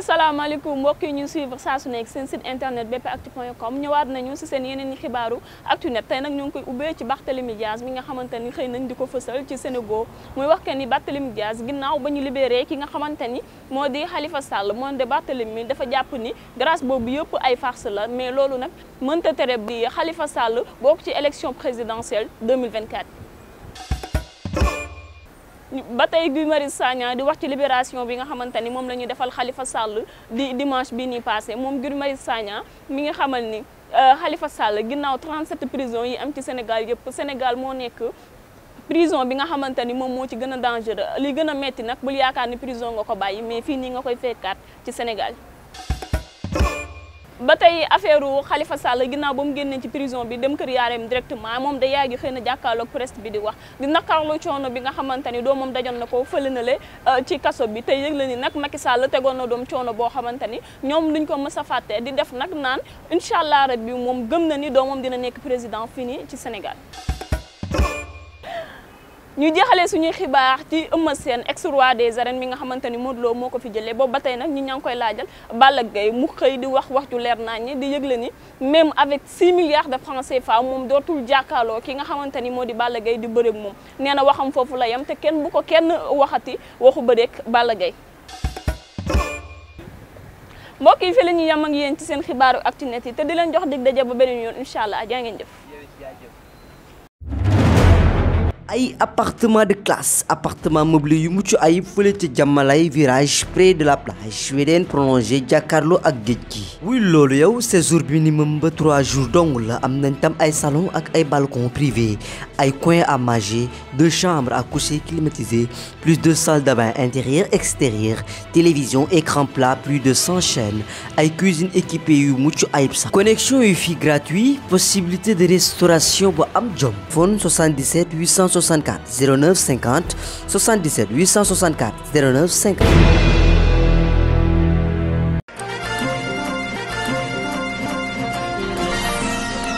asalaamaaleykum mbokk yi ñu suivre saa su nekk seen site internet bpactu.com ñëwaat nañu si seen yeneen i xibaaru actunet tey nag ñu ngi koy ubbee ci Barthélémy Dias mi nga xamante ni xëy nañ di ko fësal ci Sénégal muy wax que ni Barthélémy Dias ginnaaw ba ñu libéré ki nga xamante ni moo di sàll Sall moom de Barthélémy dafa jàpp ni grace boobu yëpp ay farce la mais loolu nag mënta tere bi Khalifa Sall bokk ci élection présidentielle 2024. ba tey Guy Marius Sagna di wax ci libération bi nga xamante ni moom la ñu defal xalifa sàll di dimanche bi nii passé moom Guy Marius Sagna mi nga xamal ni xalifa euh, Sall ginnaaw 37 prison yi am ci Sénégal yëpp Sénégal moo nekk prison bi nga xamante ni moom moo ci gën a dangereux li gën a metti nag bul yaakaar ni prison nga ko bàyyi mais fii nii nga koy fekkaat ci Sénégal ba tey affaire Khalifa Sall ginnaaw ba mu génnee ci prison bi dem kër yaareem directement moom da yaay gi xëy na jàkkaarloog presse bi di wax di nakarlu coono bi nga xamante ni doomam dajoon na ko fële na le euh, ci kaso bi tey yëg la ni nag Macky Sall tegoon na doom coono boo xamante ni ñoom duñ ko mës a di def nag naan incha allah rabbi moom gëm na ni doomam dina nekk président fii nii ci Sénégal. ñu jeexalee suñuy xibaar ci Eumeu Sène ex roi des arènes mi nga xamante ni Modou Lo moo ko fi jëlee boobu ba tey nag ñi ña ngi koy laajal Balla gay mu xëy di wax wax ju leer naa ñi di yëgle ni même avec 6 milliards de francs CFA moom dootul jàkkaaloo ki nga xamante ni moo di Balla gay di bëreeg moom nee waxam foofu la yem te kenn bu ko kenn waxati waxu bëreeg Balla Gaye mbokk yi fii la ñuy yem ak yéen ci seen xibaaru Actu Net yi te di leen jox dig daje ba beneen yoon incha allah jaa ngeen jëf. ay appartement de classe appartement meublé yu mucc ayib fële ca Jàmmalay virage près de la plage wedeen prolongé jàkkaarloo ak géej gi wuy loolu yow séjour minimum ba trois jours dong la am nañ tam ay salon ak ay balcon privé ay coin à mage deux chambres ak coucher climatisées plus de salle de bain intérieur extérieur télévision écran plat plus de cent chaînes ay cuisine équipée yu mucc ay sax connexion yu fi gratuit possibilité de restauration bu am jom phone 864 09 50 77 864 09 50